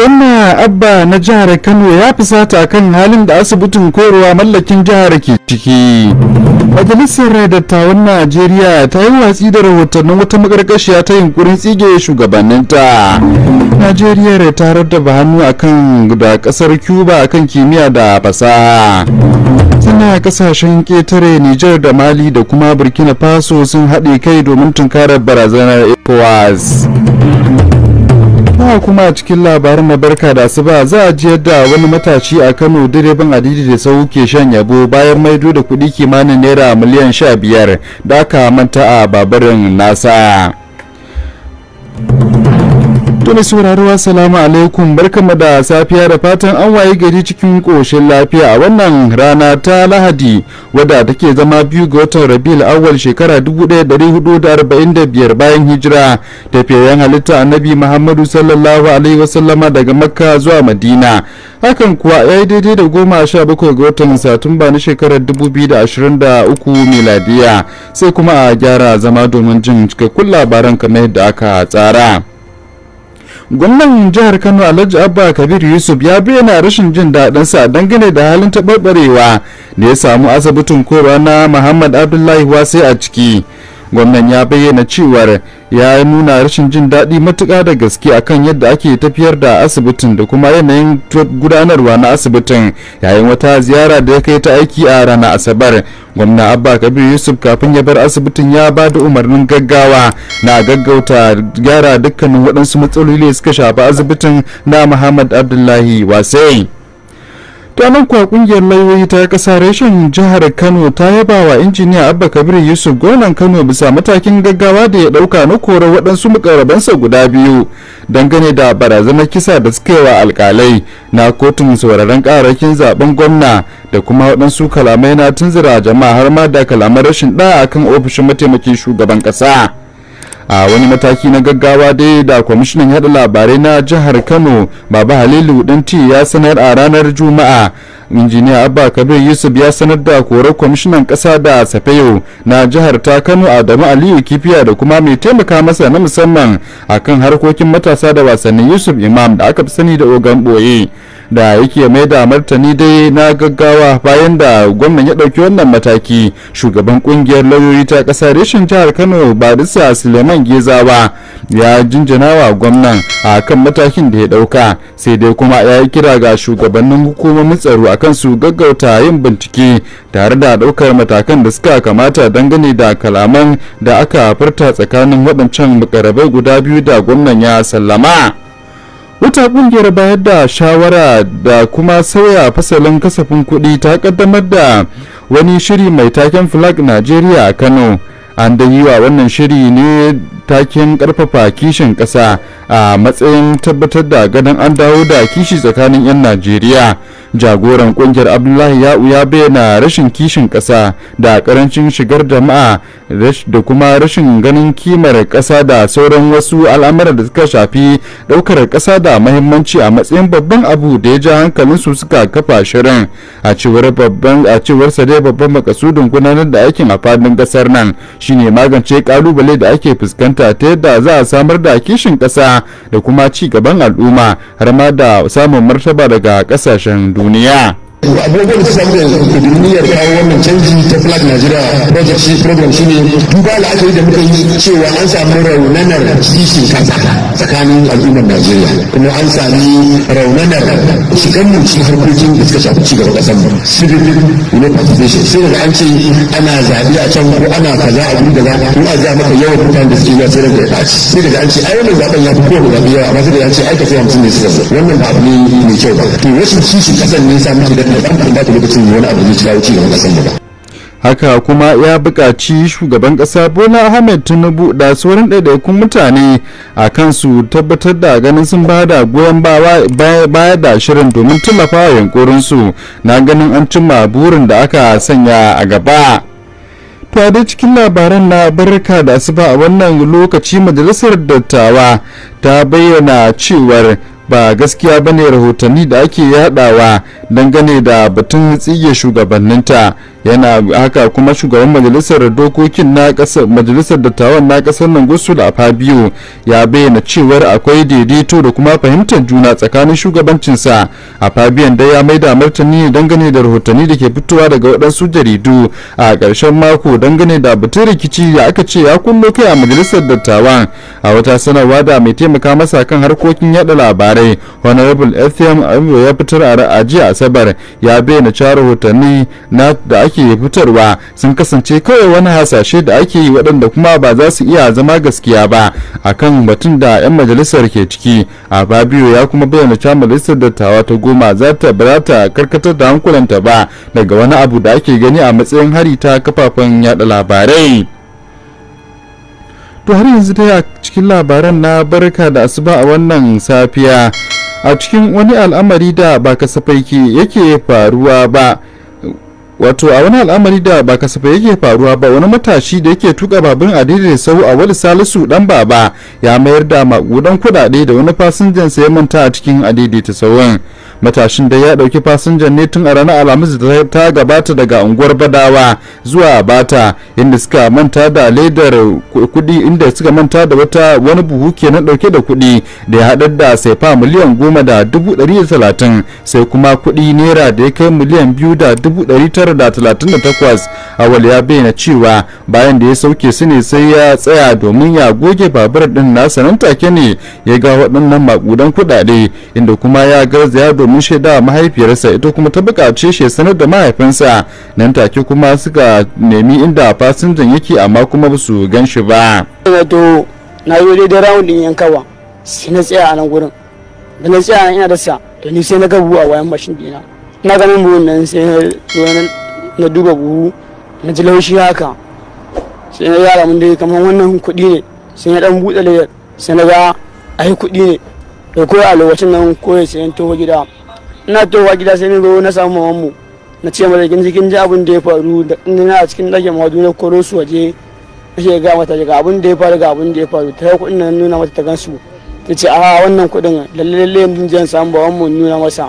gwamna abba na jihar kano ya fusata kan halin da asibitin korowa mallakin jihar ke ciki majalisar dattawan najeriya ta yi watsi da rahotannin wata makarkashiya ta yunkurin tsige shugabanninta najeriya ta da hannu akan da kasar cuba kan kimiyya da fasaha tana kasashen ketare niger da mali da kuma burkina faso sun haɗe kai domin tunkarar barazanar ecowas haka kuma a cikin labarin na barka da asuba za a ji yadda wani matashi a Kano direban Adidi da sau ke shan yabo bayan maido da kuɗi kimanin naira miliyan 15 da aka manta a babarin nasa. ku ne sauraro assalamu alaikum barkamu da safiya da fatan an waye gari cikin koshin lafiya a wannan rana ta lahadi wadda take zama biyu ga watan rabiul awwal shekara 1445 bayan hijira da tafiyayen halitta annabi muhammadu sallallahu alaihi wasallama daga makka zuwa madina hakan kuwa ya yi daidai da goma sha bakwai ga watan satumba na shekarar 2023 miladiya sai kuma a gyara zama domin jin cikakkun labaran kamar yadda aka tsara gwamnan jihar kano alhaji abba kabir yusuf ya bayyana rashin jin daɗinsa dangane da halin taɓarɓarewa da ya samu asibitin korona na muhammad abdullahi wasai a ciki gwamnan ya bayyana cewar ya nuna rashin jin daɗi matuƙa da gaske akan yadda ake tafiyar da asibitin da kuma yanayin gudanarwa na asibitin yayin wata ziyara da ya kai ta aiki a ranar asabar gwamna abba kabir yusuf kafin ya bar asibitin ya ba da umarnin gaggawa na gaggauta gyara dukkanin waɗansu matsaloli suka shafi asibitin na muhammad abdullahi wasai ta kuwa kungiyar lauyoyi ta kasa reshen jihar kano ta yaba wa injiniya abba kabir yusuf gonan kano bisa matakin gaggawa da ya dauka na kora waɗansu mukarabansa guda biyu dangane da barazanar kisa da suka yi wa alkalai na kotun sauraron ƙararrakin zaben gwamna da kuma waɗansu kalamai na tunzura jama'a har ma da kalaman rashin ɗaya akan ofishin mataimakin shugaban ƙasa. a wani mataki na gaggawa dai da kwamishinan yada labarai na jihar kano baba halilu danti ya sanar a ranar juma'a injiniya abba kabir yusuf ya sanar da korar kwamishinan kasa da safeyo na jihar ta kano adamu aliyu kifiya da kuma mai taimaka masa na musamman akan harkokin matasa da wasannin yusuf imam da aka fi sani da ogan boye da yake mai da martani dai na gaggawa bayan da gwamnan ya ɗauki wannan mataki shugaban kungiyar lauyoyi ta ƙasa reshen jihar kano barisa suleiman gezawa ya jinjina wa gwamnan a kan matakin da ya ɗauka sai dai kuma ya yi kira ga shugabannin hukumomin tsaro akan su gaggauta yin bincike tare da ɗaukar matakan da suka kamata dangane da kalaman da aka furta tsakanin waɗancan makarabai guda biyu da gwamnan ya sallama. wata kungiyar bayar da shawara da kuma sauya fasalin kasafin kuɗi ta kaddamar da wani shiri mai taken flag nigeria a kano an da yi wa wannan shiri ne taken ƙarfafa kishin ƙasa a matsayin tabbatar da ganin an dawo da kishi tsakanin 'yan najeriya jagoran kungiyar abdullahi ya'u ya bayyana rashin kishin ƙasa da karancin shigar jama'a da kuma rashin ganin kimar ƙasa da sauran wasu al'amuran da suka shafi ɗaukar ƙasa da mahimmanci a matsayin babban abu da ya ja hankalin su suka kafa shirin a cewar babban a cewar sa dai babban makasudin gudanar da aikin a fadin ƙasar nan shine magance ƙalubale da ake fuskanta ta yadda za a samar da kishin ƙasa da kuma ci gaban al'umma har ma da samun martaba daga ƙasashen duniya abubuwan da su samu da kudurin kawo wannan canji ta flag nigeria project shi program shi ne duba la'akari da muka yi cewa an samu raunanar kishin kasa tsakanin al'ummar nigeria kuma an sami raunanar shigan mu cikin harkokin da suka shafi ci gaba kasar civil civic participation sai daga an ce ana zaɓe a can ko ana kaza a gudu kaza ko a za maka yawan mutane da suke zuwa sai daga ya sai daga an ce ai wannan zaɓen ya fi kowa zaɓe yawa amma sai daga an ce ai ka sai hamsin ne su suka wannan ba abu ne mai kyau ba to wasu kishin kasar ne sa muke da haka kuma ya buƙaci shugaban ƙasa bola ahmed tinubu da sauran ɗaiɗaikun mutane a kansu tabbatar da ganin sun ba da goyon baya da shirin domin tallafa wa yunkurinsu na ganin an cimma burin da aka sanya a gaba to da cikin labaran na barka da asuba a wannan lokaci majalisar dattawa ta bayyana cewar ba gaskiya bane rahotanni da ake yadawa dangane da batun tsige shugabanninta yana haka kuma shugaban majalisar dokokin na kasar majalisar dattawan na kasar nan gusula fabio ya bayyana cewar akwai daidaito da kuma fahimtar juna tsakanin shugabancinsa a fabian da ya maida martani dangane da rahotanni da ke fitowa daga waɗansu jaridu a ƙarshen mako dangane da batun rikici da aka ce ya kunno kai a majalisar dattawan a wata sanarwa da mai taimaka masa kan harkokin yada labarai honorable fm ya fitar a jiya asabar ya bayyana cewa rahotanni na da ake fitarwa sun kasance kawai wani hasashe da ake yi waɗanda kuma ba za su iya zama gaskiya ba akan batun da 'yan majalisar ke ciki a babiyo ya kuma bayyana cewa majalisar dattawa ta goma za ta ba karkatar da hankulanta ba daga wani abu da ake gani a matsayin hari ta kafafen yada labarai to har yanzu dai a cikin labaran na barka da asuba a wannan safiya a cikin wani al'amari da ba kasafai yake faruwa ba wato a wani al'amari da ba kasafa yake faruwa ba wani matashi da yake tuka babin adidin sau a wani salisu dan baba ya mayar da makudan kudade da wani fasinjan sai manta a cikin ta sauran matashin da ya dauki fasinjan ne tun a ranar alhamis da ta gabata daga unguwar badawa zuwa bata inda suka manta da ledar kudi inda suka manta da wata wani buhu kenan dauke da kudi da ya haɗar da sai fa miliyan goma da dubu ɗari talatin sai kuma kudi naira da ya kai miliyan biyu da dubu ɗari tara 38 a ya bayyana cewa bayan da ya sauke su ne sai ya tsaya domin ya goge babur din nasa nan take ne ya ga waɗannan makudan kuɗaɗe inda kuma ya garzaya domin shaida mahaifiyarsa ita kuma ta buƙace shi sanar da mahaifinsa nan take kuma suka nemi inda fasinjan yake amma kuma ba su gan shi ba. na yi daidai round din yankawa sai na tsaya a nan gurin da na tsaya ina da sa to ni sai na ga buwa wayan mashin dina na ga min buhun nan sai na duba buhu na ji laushi haka sai na yara mun dai kamar wannan kuɗi ne sai na dan buɗe layar sai na ga ai kuɗi ne da ko a lokacin nan koyi sai na towa gida ina towa gida sai na zo na samu mamanmu na ce mata kin kin ji abin da ya faru da ina a cikin ɗakin madu na koro su waje ce ga mata ga abin da ya faru ga abin da ya faru ta kuɗin nan nuna mata ta gansu ta ce a wannan kuɗin lalle lalle yanzu jan samu mu nuna masa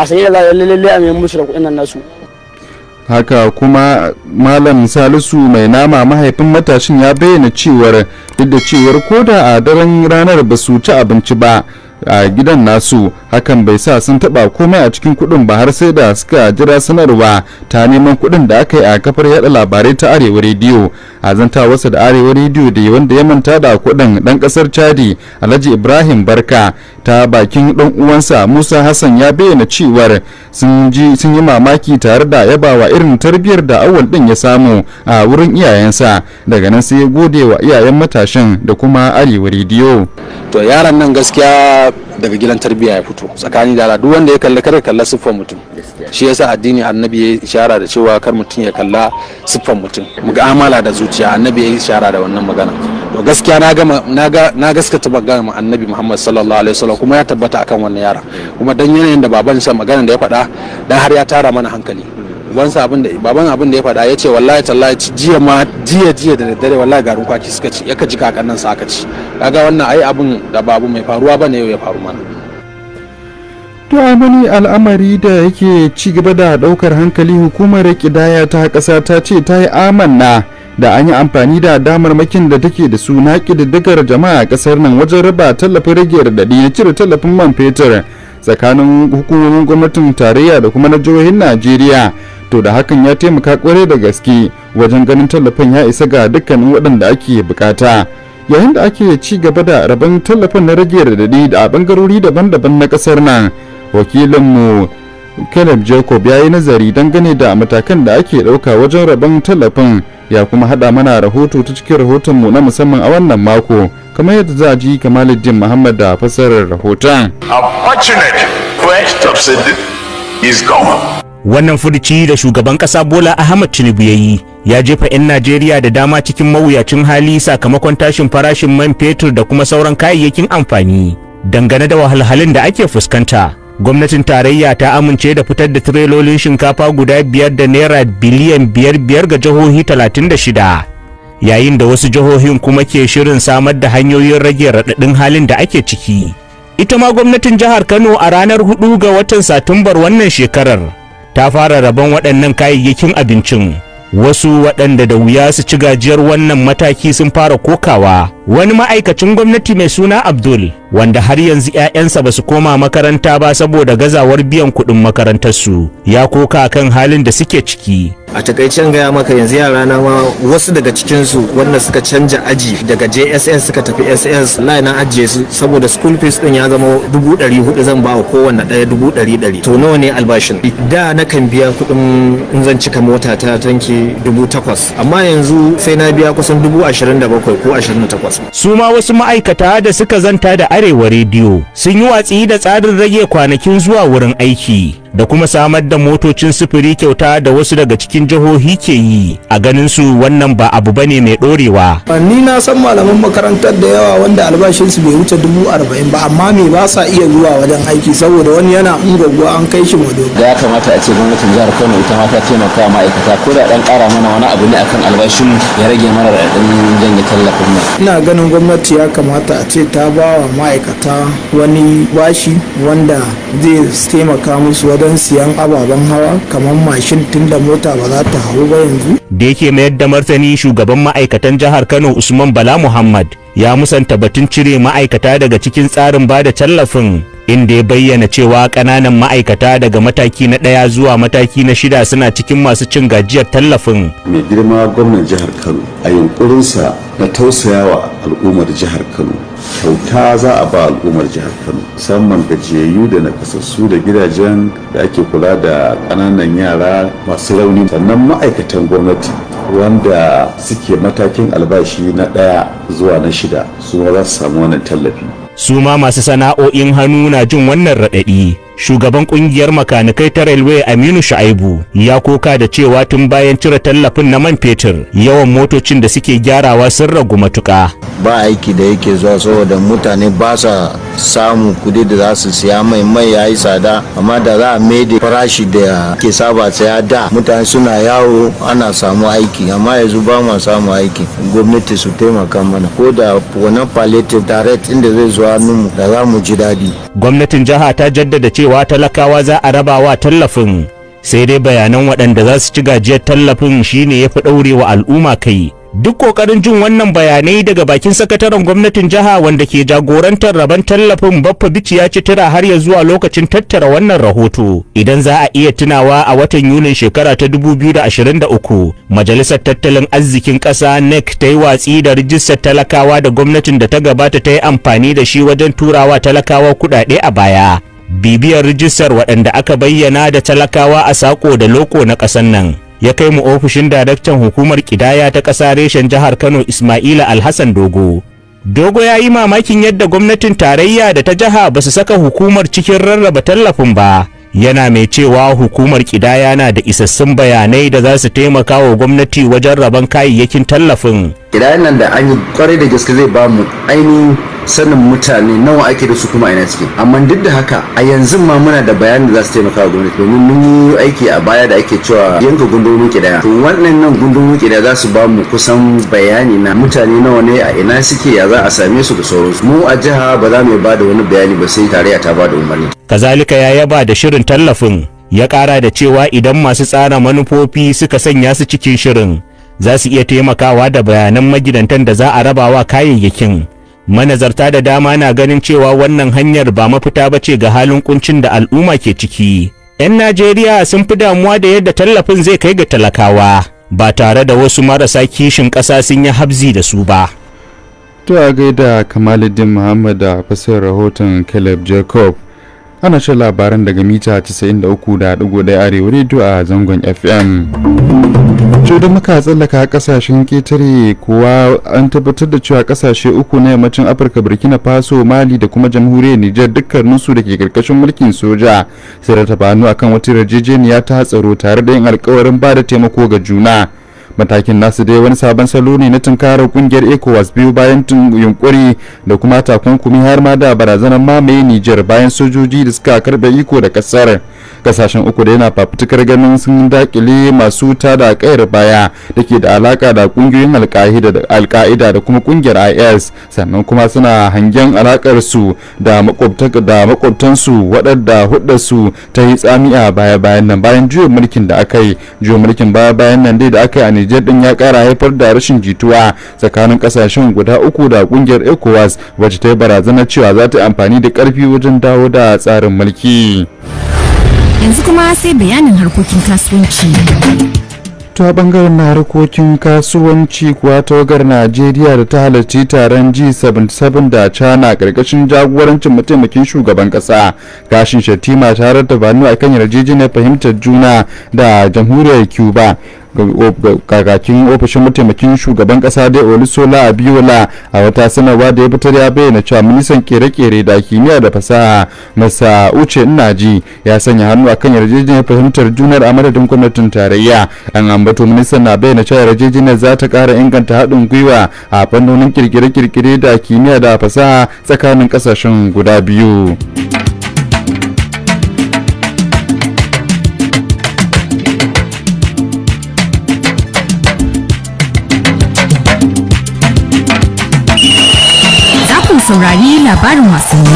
a sanye da lalle lalle a mai musu da kuɗin nan nasu haka kuma malam salisu mai nama mahaifin matashin ya bayyana cewar duk da cewar koda a daren ranar ba su ci abinci ba a gidan nasu hakan bai sa sun taba komai a cikin kudin ba har sai da suka jira sanarwa ta neman kudin da aka yi a kafar yada labarai ta arewa rediyo a zanta wasu da arewa rediyo da wanda ya manta da kudin dan kasar chadi alhaji ibrahim barka ta bakin dan uwansa musa hassan ya bayyana cewar sun sun yi mamaki tare da yabawa irin tarbiyyar da awal din ya samu a wurin iyayensa daga nan sai ya gode wa iyayen matashin da kuma arewa rediyo to yaran nan gaskiya daga gidan tarbiyya ya fito tsakani da duk wanda ya kalli kalla siffar mutum shi yasa addini annabi ya yi shara da cewa kar mutum ya kalla siffar mutum mu'amala da zuciya annabi ya yi shara da wannan magana to gaskiya na ga na gaskata magana annabi Muhammad sallallahu alaihi wasallam kuma ya tabbata akan wannan yara kuma dan yanayin da baban sa magana da ya faɗa dan har ya tara mana hankali wansa abin da baban abin da ya faɗa ya ce wallahi tallahi jiya ma jiya jiya da daddare wallahi garin kwaki suka ci ya ka ji kakannin sa aka ci kaga wannan ai abin da babu mai faruwa bane yau ya faru mana to a wani al'amari da yake ci gaba da daukar hankali hukumar kidaya ta kasa ta ce ta yi amanna da an yi amfani da damarmakin da take da su na kididdigar jama'a kasar nan wajen raba tallafin rage radadi na cire tallafin man fetur tsakanin hukumomin gwamnatin tarayya da kuma na jihohin najeriya to da hakan ya taimaka kwarai da gaske wajen ganin tallafin ya isa ga dukkanin waɗanda ake bukata yayin da ake ci gaba da rabon tallafin na rage radadi da a bangarori daban-daban na ƙasar nan wakilinmu caleb jacob ya yi nazari dangane da matakan da ake ɗauka wajen rabon tallafin ya kuma haɗa mana rahoto ta cikin rahotonmu na musamman a wannan mako kamar yadda za a ji kamaluddin muhammad da fasarar rahoton. a fortunate quest of is gone. wannan furuci da shugaban ƙasa bola ahmad tinubu ya yi ya jefa 'yan najeriya da dama cikin mawuyacin hali sakamakon tashin farashin man fetur da kuma sauran kayayyakin amfani dangane da wahalhalun da ake fuskanta gwamnatin tarayya ta amince da fitar da tirelolin shinkafa guda biyar da naira biliyan biyar biyar ga jihohi talatin da shida, yayin da wasu jihohin kuma ke shirin samar da hanyoyin rage raɗaɗin halin da ake ciki ita ma gwamnatin jihar kano a ranar hudu ga watan satumbar wannan shekarar ta fara rabon waɗannan kayayyakin abincin wasu waɗanda da wuya su ci gajiyar wannan mataki sun fara kokawa wani ma'aikacin gwamnati mai suna abdul wanda har yanzu 'ya'yansa ba su koma makaranta ba saboda gazawar biyan kuɗin makarantarsu ya koka kan halin da suke ciki a takaicen gaya maka yanzu yara na ma wasu daga cikinsu wanda suka canja aji daga jss suka tafi ss lai na ajiye su saboda school fees din ya zama dubu hudu zan ba wa kowanne ɗaya dubu to nawa ne albashin da na kan biya kuɗin in zan cika mota ta tanki dubu amma yanzu sai na biya kusan dubu ashirin ko ashirin da su ma wasu ma'aikata da suka zanta da arewa rediyo sun yi watsi da tsarin rage kwanakin zuwa wurin aiki da kuma samar da motocin sufuri kyauta da wasu daga cikin jihohi ke yi a ganin su wannan ba abu bane mai dorewa ni na san malaman makarantar da yawa wanda albashinsu bai wuce dubu arba'in ba amma me ba sa iya zuwa wajen aiki saboda wani yana ungogo an kai shi wado ya kamata a ce gwamnatin jihar kano ita ma ta taimaka ma'aikata ko da dan kara mana wani abu ne akan albashin ya rage mana radadin janye tallafin mu ina ganin gwamnati ya kamata a ce ta ba wa ma'aikata wani bashi wanda zai taimaka musu don siyan ababen hawa kamar mashin tunda mota ba za ta hau ba yanzu da yake mayar da martani shugaban ma'aikatan jihar kano usman bala muhammad ya musanta batun cire ma'aikata daga cikin tsarin ba da tallafin inda ya bayyana cewa ƙananan ma'aikata daga mataki na ɗaya zuwa mataki na shida suna cikin masu cin gajiyar tallafin mai girma gwamnan jihar kano a yunkurinsa na wa al'ummar jihar kano kyauta za a ba al'ummar jihar kano musamman gajiyayyu da na kasassu da gidajen da ake kula da ƙananan yara masu rauni sannan ma'aikatan gwamnati wanda suke matakin albashi na ɗaya zuwa na shida su za su samu wannan tallafi su ma masu sana'o'in hannu na jin wannan raɗaɗi shugaban kungiyar makanikai ta railway aminu shaibu ya koka da cewa tun bayan cire tallafin na man fetur yawan motocin da suke gyarawa sun ragu matuka ba aiki da yake zuwa saboda mutane ba sa samu kudi da za su siya mai mai ya yi tsada amma da za a maida farashi da ke saba saya da mutane suna yawo ana samu aiki amma yanzu ba ma samu aiki gwamnati su taimaka mana ko da wannan palliative direct inda zai zuwa hannunmu da za mu ji daɗi gwamnatin jiha ta jaddada cewa cewa talakawa za a raba wa tallafin sai dai bayanan waɗanda za su ci gajiyar tallafin shine ya fi ɗaurewa al'umma kai duk ƙoƙarin jin wannan bayanai daga bakin sakataren gwamnatin jiha wanda ke jagorantar rabon tallafin baffa bici ya ci tira har ya zuwa lokacin tattara wannan rahoto idan za a iya tunawa a watan yunin shekara ta 2023 majalisar tattalin arzikin ƙasa nec ta yi watsi da rijistar talakawa da gwamnatin da ta gabata ta yi amfani da shi wajen turawa talakawa kuɗaɗe a baya bibiyar rijistar waɗanda aka bayyana da talakawa a sako da loko na ƙasar nan ya kai mu ofishin daraktan hukumar ƙidaya ta ƙasa reshen jihar kano ismaila alhassan dogo dogo ya yi mamakin yadda gwamnatin tarayya da ta jiha ba su saka hukumar cikin rarraba tallafin ba yana mai cewa hukumar ƙidaya na da isassun bayanai da za su taimaka wa gwamnati wajen rabon kayayyakin tallafin kidayan nan da an yi kwarai da gaske zai ba mu ainihin sanin mutane nawa ake da su kuma ina ciki amma duk da haka a yanzu ma muna da bayanin da za su taimaka wa gwamnati domin mun yi aiki a baya da ake cewa yanka gundumomi kidaya to wannan nan gundumomi kidaya za su ba mu kusan bayani na mutane nawa ne a ina suke ya za a same su da sauransu mu a jiha ba za mu ba da wani bayani ba sai tare ta ba da umarni kazalika ya yaba da shirin tallafin ya kara da cewa idan masu tsara manufofi suka sanya su cikin shirin za su iya taimakawa da bayanan magidantan da za a rabawa kayayyakin manazarta da dama na ganin cewa wannan hanyar ba mafita ba ce ga halin kuncin da al'umma ke ciki 'yan najeriya sun fi damuwa da yadda tallafin zai kai ga talakawa ba tare da wasu marasa kishin ƙasa sun yi habzi da su ba to a gaida kamaluddin muhammad a fasar rahoton caleb jacob ana shan labaran daga mita 93.1 arewa rediyo a zangon fm to da muka tsallaka kasashen ketare kuwa an tabbatar da cewa kasashe uku na yammacin afirka burkina faso mali da kuma jamhuriyar nijar dukkaninsu da ke karkashin mulkin soja sai da tabanu akan wata yarjejeniya ta tsaro tare da yin alkawarin ba da taimako ga juna matakin nasu dai wani sabon salo ne na tunkarar kungiyar ecowas biyu bayan yunkuri da kuma takunkumi har ma da barazanar mamaye niger bayan sojoji da suka karbe iko da kasar kasashen uku da yana fafutukar ganin sun dakile masu da kayar baya da ke da alaka da kungiyoyin alka'ida da kuma kungiyar is sannan kuma suna hangen alakar su da makwabtansu waɗanda hudarsu ta yi tsami a baya bayan nan bayan juyin mulkin da aka yi juyin mulkin baya bayan nan dai da aka yi a Niger din ya kara haifar da rashin jituwa tsakanin kasashen guda uku da kungiyar ECOWAS wacce ta yi barazanar cewa za ta amfani da karfi wajen dawo da tsarin mulki. Yanzu kuma sai bayanin harkokin kasuwanci. ta bangaren na harkokin kasuwanci kuwa tawagar najeriya da ta halarci taron g77 da china karkashin jagorancin mataimakin shugaban kasa gashin shatima tare da banu a kan yarjejeniyar fahimtar juna da jamhuriyar cuba kakakin ofishin mataimakin shugaban kasa dai olisola abiola a wata sanarwa da ya fitar ya bayyana cewa ministan kere-kere da kimiyya da fasaha masa uce ji ya sanya hannu a kan yarjejeniyar fahimtar junar a madadin gwamnatin tarayya an ambato ministan na bayyana cewa yarjejeniyar za ta kara inganta haɗin gwiwa a fannonin kirkire-kirkire da kimiyya da fasaha tsakanin kasashen guda biyu. saurari labarin wasanni.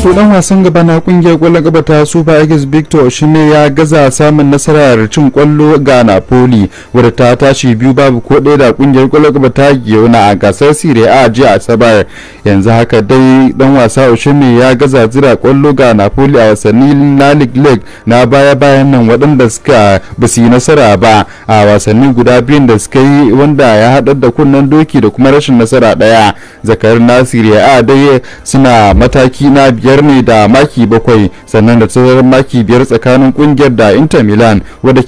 to dan wasan gaba na kungiyar kwallon gaba ta super eagles victor shine ya gaza samun nasarar cin kwallo ga napoli wadda ta tashi biyu babu ko ɗaya da kungiyar kwallon gaba ta giona a gasar serie a jiya asabar yanzu haka dai dan wasa oshine ya gaza zira kwallo ga napoli a wasanni na league na baya bayan nan waɗanda suka basu yi nasara ba a wasanni guda biyun da suka yi wanda ya haɗar da kunnen doki da kuma rashin nasara ɗaya zakar na serie a dai suna mataki na biyu biyar ne da maki bakwai sannan da tazarar maki biyar tsakanin kungiyar da inter milan wadda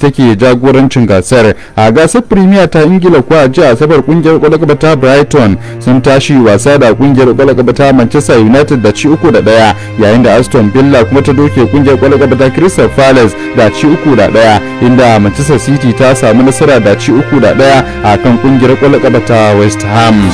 take jagorancin gasar a gasar premier ta ingila kuwa jiya asabar kungiyar kwalakaba ta brighton sun tashi wasa da kungiyar kwalakaba ta manchester united da ci uku da daya yayin da aston villa kuma ta doke kungiyar kwalakaba ta crystal palace da ci uku da daya inda manchester city ta samu nasara da ci uku da daya a kan kungiyar kwalakaba ta west ham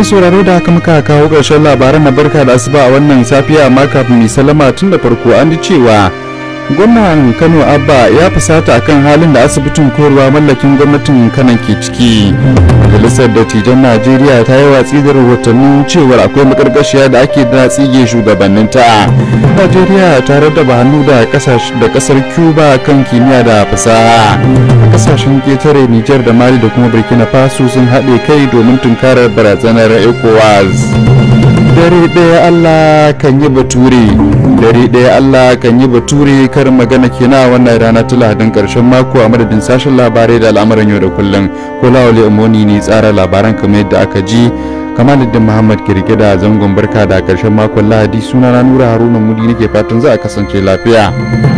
mai sauraro da haka muka kawo ƙarshen labaran na barka da asuba a wannan safiya amma kafin mai salama tun da farko an ji cewa gwamnan kano abba ya fusata akan halin da asibitin koyarwa mallakin gwamnatin kano ke ciki majalisar dattijan najeriya ta yi watsi da rahotanni cewar akwai makarkashiya da ake da tsige shugabannin ta najeriya ta raddaba hannu da kasar cuba kan kimiyya da fasaha kasashen ketare nijar da mali da kuma burkina faso sun haɗe kai domin tunkarar barazanar ecowas dare ɗaya allah kan yi bature dare ɗaya allah kan yi bature karin magana kena wannan rana ta lahadin ƙarshen mako a madadin sashen labarai da al'amuran yau da kullum kulawale umoni ne tsara labaran kamar yadda aka ji kamaluddin muhammad kirkida zangon barka da ƙarshen makon lahadi sunana nura haruna mudi nake fatan za a kasance lafiya